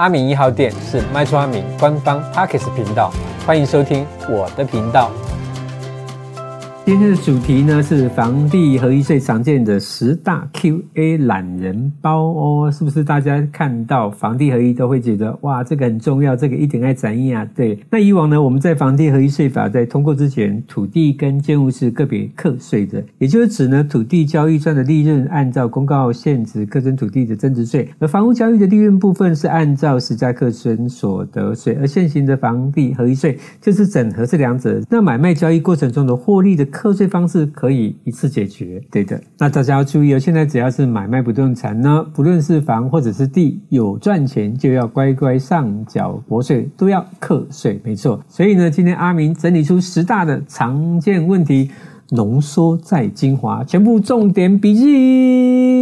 阿明一號店是賣厝阿明官方 Pakis 頻道，歡迎收聽我的頻道。今天的主題呢，是房地合一稅常見的十大 QA 懶人包哦，是不是？大家看到房地合一都會覺得哇，這個很重要，這個一點愛鑽研啊。對，那以往呢，我們在房地合一稅法在通過之前，土地跟建物是個別課稅的，也就是指呢，土地交易賺的利潤按照公告現值課徵土地的增值稅，而房屋交易的利潤部分是按照實價課徵所得稅。而現行的房地合一稅就是整合這兩者，那買賣交易過程中的獲利的。課稅方式可以一次解決，對的。那大家要注意哦，現在只要是買賣不動產呢，不論是房或者是地，有賺錢就要乖乖上繳國庫，都要課稅，沒錯。所以呢，今天阿明整理出十大的常見問題，濃縮再精華，全部重點筆記。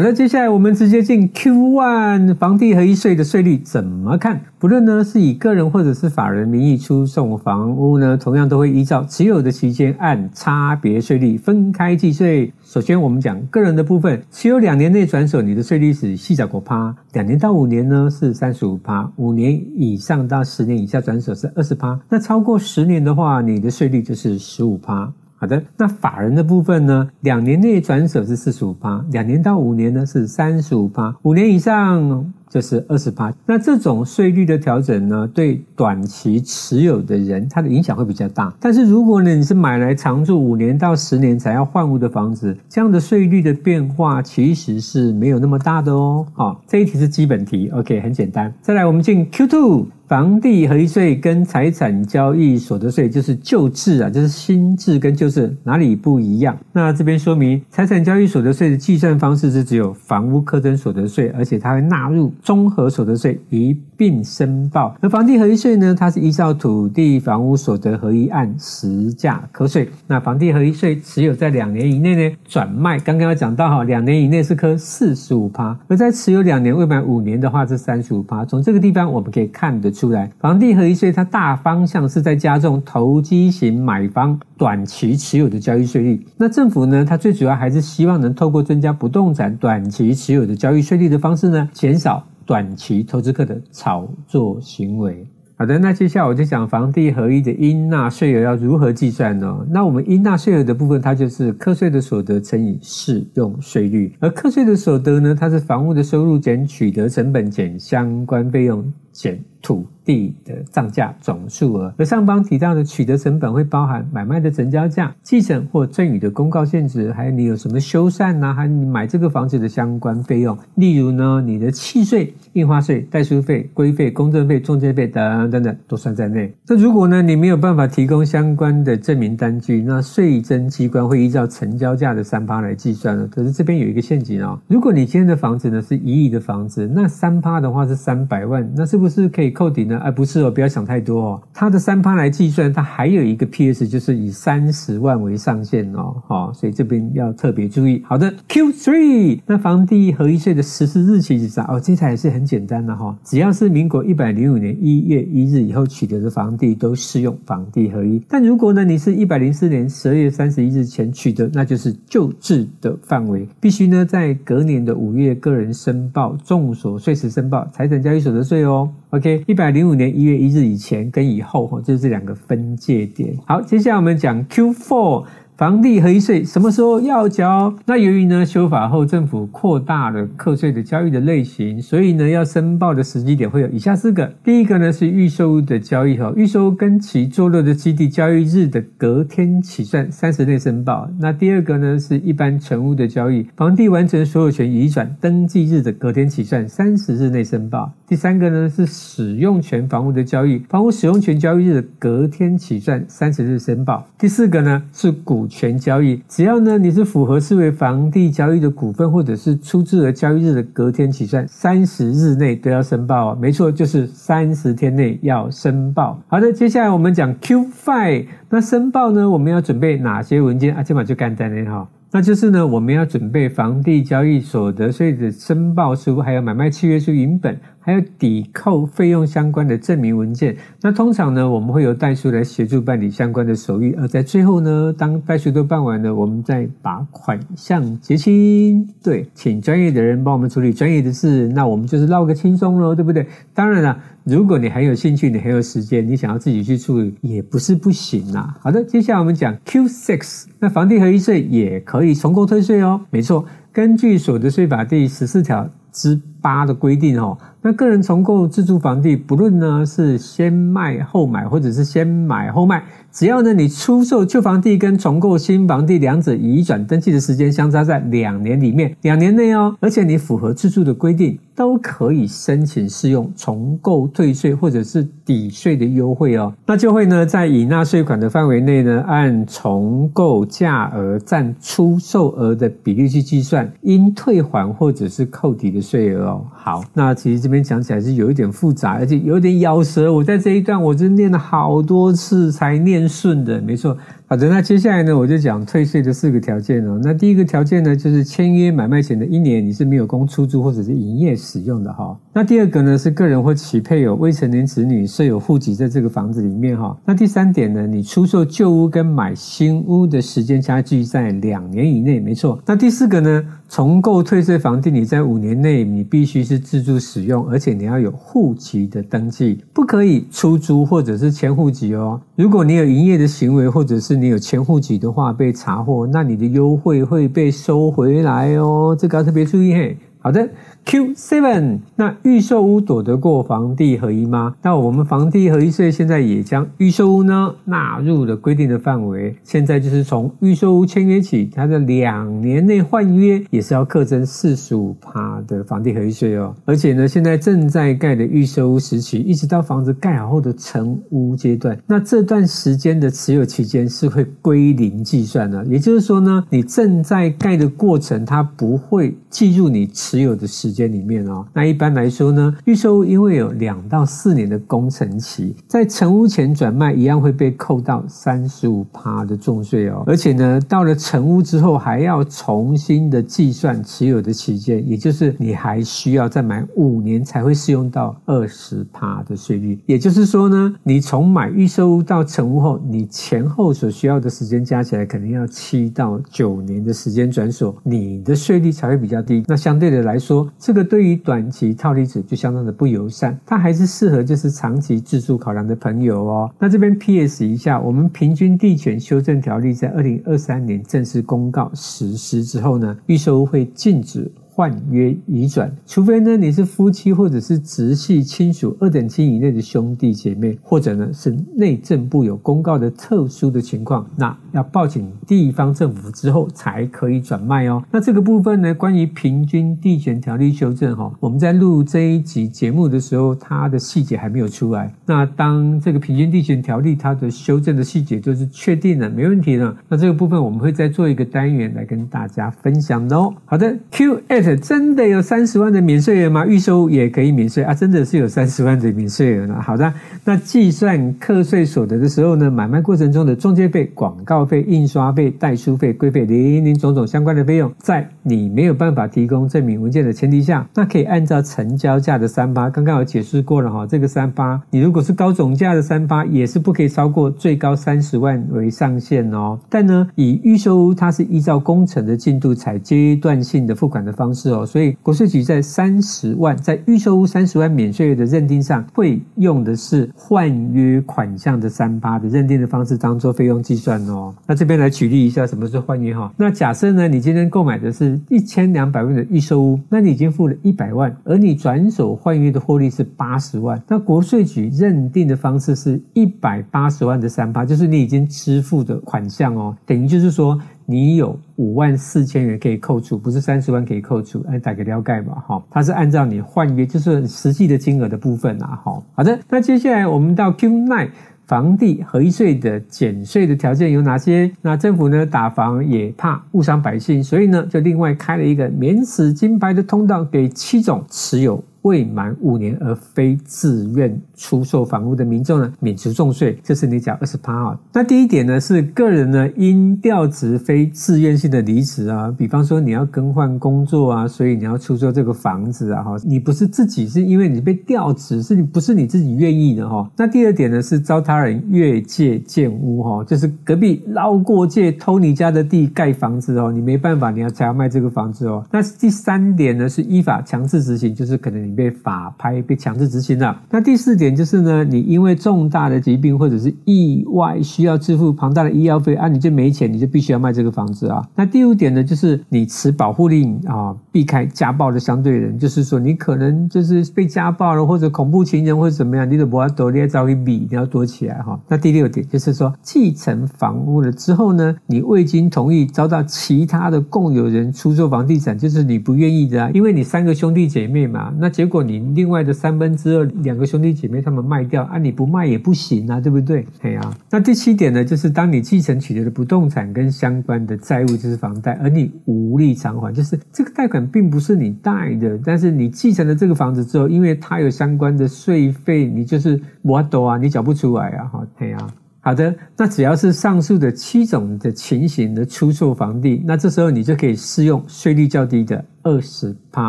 好了，接下來我們直接進 Q one，房地合一稅的稅率怎麼看？不論呢是以個人或者是法人名義出售房屋呢，同樣都會依照持有的期間，按差別稅率分開計稅。首先，我們講個人的部分，持有兩年內轉手，你的稅率是四十五趴，兩年到五年呢是三十五趴，五年以上到十年以下轉手是二十趴。那超過十年的話，你的稅率就是十五趴。好的，那法人的部分呢？兩年內轉手是四十五趴，兩年到五年呢是三十五趴，五年以上。就是百分之二十，那這種稅率的調整呢，對短期持有的人，它的影響會比較大。但是，如果呢你是買來常住五年到十年才要換屋的房子，這樣的稅率的變化其實是沒有那麼大的哦。好、哦，這一題是基本題，OK，很簡單。再來，我們進 Q2，房地合一稅跟財產交易所得稅就是舊制啊，就是新制跟舊制哪裡不一樣？那這邊說明，財產交易所得稅的計算方式是只有房屋課徵所得稅，而且它會納入。綜合所得稅一併申報，而房地合一稅呢，它是依照土地房屋所得合一按實價課稅。那房地合一稅持有在兩年以內呢，轉賣剛剛有講到哈，兩年以內是課四十五趴，而在持有兩年未滿五年的話是三十五趴。從這個地方我們可以看得出來，房地合一稅它大方向是在加重投機型買房短期持有的交易稅率。那政府呢，它最主要還是希望能透過增加不動產短期持有的交易稅率的方式呢，減少。短期投資客的炒作行為。好的，那接下來我就講房地合一的應納稅額要如何計算呢？那我們應納稅額的部分，它就是課稅的所得乘以適用稅率，而課稅的所得呢，它是房屋的收入減取得成本減相關費用。減土地的漲價總數額，而上方提到的取得成本會包含買賣的成交價、繼承或贈與的公告現值，還有你有什麼修繕吶、啊，還有你買這個房子的相關費用，例如呢你的契稅、印花稅、代書費、規費、公證費、中介費等等等，等都算在內。那如果呢你沒有辦法提供相關的證明單據，那稅徵機關會依照成交價的三趴來計算呢。可是這邊有一個陷阱啊、哦，如果你今天的房子呢是一億的房子，那三趴的話是三百萬，那是。是不是可以扣抵呢？哎、啊，不是哦，不要想太多哦。它的三趴來計算，它還有一個 P S，就是以三十萬為上限哦。好、哦，所以這邊要特別注意。好的，Q three，那房地合一稅的實施日期是啥？哦，這題也是很簡單的、哦、哈。只要是民國一百零五年一月一日以後取得的房地都適用房地合一，但如果呢你是一百零四年十二月三十一日前取得，那就是舊制的範圍，必須呢在隔年的五月個人申報，綜所稅時申報財產交易所得稅哦。OK，一百零五年一月一日以前跟以後，吼，就是這兩個分界點。好，接下來我們講 Q4。房地合一稅什麼時候要交？那由於呢修法後，政府擴大了課稅的交易的類型，所以呢要申報的時機點會有以下四個。第一個呢是預售屋的交易哈，預售跟其坐落的基地交易日的隔天起算三十日內申報。那第二個呢是一般成屋的交易，房地完成所有權移轉登記日的隔天起算三十日內申報。第三個呢是使用權房屋的交易，房屋使用權交易日的隔天起算三十日申報。第四個呢是股全交易，只要呢你是符合視為房地交易的股份，或者是出資額交易日的隔天起算三十日內都要申報哦。沒錯，就是三十天內要申報。好的，接下來我們講 Q5 那申報呢，我們要準備哪些文件啊？這邊就簡單了齁。那就是呢，我們要準備房地交易所得稅的申報書，還有買賣契約書影本，還有抵扣費用相關的證明文件。那通常呢，我們會由代書來協助辦理相關的手續。而在最後呢，當代書都辦完了，我們再把款項結清。對，請專業的人幫我們處理專業的事，那我們就是落個輕鬆囉，對不對？當然了、啊。如果你很有興趣，你很有時間，你想要自己去處理也不是不行吶、啊。好的，接下來我們講 Q six，那房地合一稅也可以重購退稅哦。沒錯，根據《所得稅法》第十四條之八的規定哦，那個人重購自住房地，不論呢是先賣後買，或者是先買後賣，只要呢你出售舊房地跟重購新房地兩者移轉登記的時間相差在兩年裡面，兩年內哦，而且你符合自住的規定，都可以申請適用重購退稅或者是抵稅的優惠哦，那就會呢在已納稅款的範圍內呢，按重購價額占出售額的比例去計算應退還或者是扣抵的稅額哦。好，那其實這邊講起來是有一點複雜，而且有點咬舌。我在這一段，我真念了好多次才念順的，沒錯。好的，那接下來呢，我就講退稅的四個條件哦。那第一個條件呢，就是簽約買賣前的一年，你是沒有供出租或者是營業使用的哈。那第二個呢，是個人或其配偶未成年子女設有戶籍在這個房子裡面哈。那第三點呢，你出售舊屋跟買新屋的時間差距在兩年以內，沒錯。那第四個呢？重購退稅房地，你在五年內你必須是自住使用，而且你要有戶籍的登記，不可以出租或者是遷戶籍哦。如果你有營業的行為，或者是你有遷戶籍的話，被查獲，那你的優惠會被收回來哦，這個要特別注意嘿。好的。Q7，那預售屋躲得過房地合一嗎？那我們房地合一稅現在也將預售屋呢納入了規定的範圍。現在就是從預售屋簽約起，它的兩年內換約也是要課徵四十五趴的房地合一稅哦。而且呢，現在正在蓋的預售屋時期，一直到房子蓋好後的成屋階段，那這段時間的持有期間是會歸零計算的，啊。也就是說呢，你正在蓋的過程，它不會計入你持有的時期。時間裡面哦，那一般來說呢，預售屋因為有兩到四年的工程期，在成屋前轉賣一樣會被扣到三十五趴的重稅哦，而且呢，到了成屋之後，還要重新的計算持有的期間，也就是你還需要再滿五年才會適用到二十趴的稅率。也就是說呢，你從買預售屋到成屋後，你前後所需要的時間加起來，可能要七到九年的時間轉手，你的稅率才會比較低。那相對的來說，這個對於短期套利者就相當的不友善，它還是適合就是長期自住考量的朋友哦。那這邊 PS 一下，我們平均地權修正條例在二零二三年正式公告實施之後呢，預售會禁止。換約移轉，除非呢你是夫妻或者是直系親屬、二等親以內的兄弟姐妹，或者呢是內政部有公告的特殊的情況，那要報請地方政府之後才可以轉賣哦。那這個部分呢，關於平均地權條例修正哈，我們在錄這一集節目的時候，它的細節還沒有出來。那當這個平均地權條例它的修正的細節就是確定了，沒問題了，那這個部分我們會再做一個單元來跟大家分享的哦。好的，Q8 真的有三十萬的免稅額嗎？預售也可以免稅啊！真的是有三十萬的免稅額呢、啊。好的，那計算課稅所得的時候呢，買賣過程中的中介費、廣告費、印刷費、代書費、規費，零零種種相關的費用，在你沒有辦法提供證明文件的前提下，那可以按照成交價的三八。剛剛我解釋過了哈，這個三八，你如果是高總價的三八，也是不可以超過最高三十萬為上限哦。但呢，以預售，它是依照工程的進度採階段性的付款的方式。是哦，所以國稅局在三十萬在預售屋三十萬免稅額的認定上，會用的是換約款項的三趴的認定的方式當做費用計算哦。那這邊來舉例一下什麼是換約哈、哦。那假設呢，你今天購買的是一千兩百萬的預售屋，那你已經付了一百萬，而你轉手換約的獲利是八十萬，那國稅局認定的方式是一百八十萬的三趴，就是你已經支付的款項哦，等於就是說。你有五萬四千元可以扣除，不是三十萬可以扣除，哎，打個撩蓋嘛，哈，它是按照你換約，就是實際的金額的部分吶，哈，好的，那接下來我們到 Q Nine 房地合一稅的減稅的條件有哪些？那政府呢打房也怕誤傷百姓，所以呢就另外開了一個免死金牌的通道給七種持有。未滿五年而非自願出售房屋的民眾呢，免除重稅。這、就是你講二十趴。那第一點呢，是個人呢因調職非自願性的離職啊，比方說你要更換工作啊，所以你要出售這個房子啊。哈，你不是自己，是因為你被調職，是你不是你自己願意的哈、哦。那第二點呢，是遭他人越界建屋哈、哦，就是隔壁撈過界偷你家的地蓋房子哦，你沒辦法，你要才要賣這個房子哦。那第三點呢，是依法強制執行，就是可能。被法拍、被強制執行了。那第四點就是呢，你因為重大的疾病或者是意外需要支付龐大的醫藥費啊，你就沒錢，你就必須要賣這個房子啊。那第五點呢，就是你持保護令啊，避開家暴的相對人，就是說你可能就是被家暴了，或者恐怖情人或者怎麼樣，你就不要躲，你要找比，你要躲起來哈。那第六點就是說，繼承房屋了之後呢，你未經同意遭到其他的共有人出售房地產，就是你不願意的啊，因為你三個兄弟姐妹嘛，那。結果你另外的三分之二兩個兄弟姐妹他們賣掉啊，你不賣也不行啊，對不對？對啊。那第七點呢，就是當你繼承取得的不動產跟相關的債務，就是房貸，而你無力償還，就是這個貸款並不是你貸的，但是你繼承了這個房子之後，因為它有相關的稅費，你就是摩多啊，你繳不出來啊，哈，對啊。好的，那只要是上述的七種的情形的出售房地，那這時候你就可以適用稅率較低的。二十趴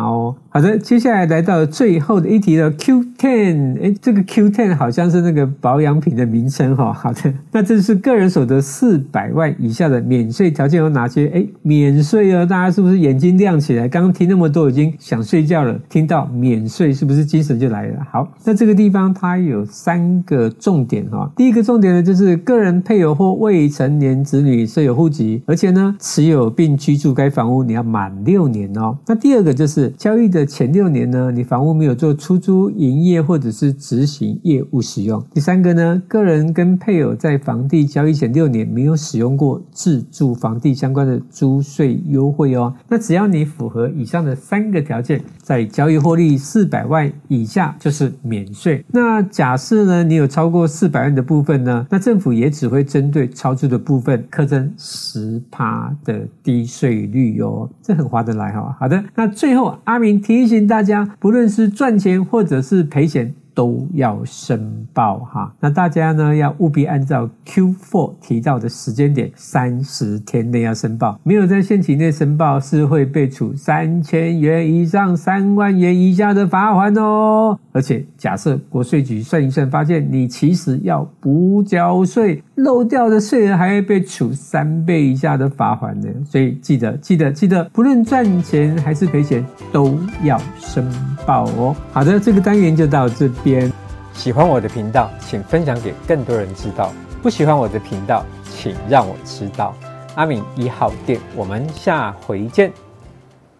哦，好的，接下來來到最後的一題了。Q10，哎，這個 Q10 好像是那個保養品的名稱哈、哦。好的，那這是個人所得四百萬以下的免稅條件有哪些？哎、欸，免稅哦。大家是不是眼睛亮起來？剛剛聽那麼多，已經想睡覺了，聽到免稅是不是精神就來了？好，那這個地方它有三個重點哈、哦。第一個重點呢，就是個人配偶或未成年子女設有戶籍，而且呢持有並居住該房屋，你要滿六年哦。那第二個就是交易的前六年呢，你房屋沒有做出租、營業或者是執行業務使用。第三個呢，個人跟配偶在房地交易前六年沒有使用過自住房地相關的租稅優惠哦。那只要你符合以上的三個條件，在交易獲利四百萬以下就是免稅。那假設呢，你有超過四百萬的部分呢，那政府也只會針對超出的部分課徵十趴的低稅率哦，這很划得來哈、哦，好。那最後，阿明提醒大家，不論是賺錢或者是賠錢，都要申報哈，那大家呢，要務必按照 Q4 提到的時間點，三十天內要申報，沒有在限期內申報是會被處三千元以上三萬元以下的罰款哦。而且假設國稅局算一算，發現你其實要補繳稅，漏掉的稅額還會被處三倍以下的罰款呢。所以記得記得記得，不論賺錢還是賠錢，都要申報哦。好的，這個單元就到這邊喜歡我的頻道，請分享給更多人知道。不喜歡我的頻道，請讓我知道。阿明一號店，我們下回見。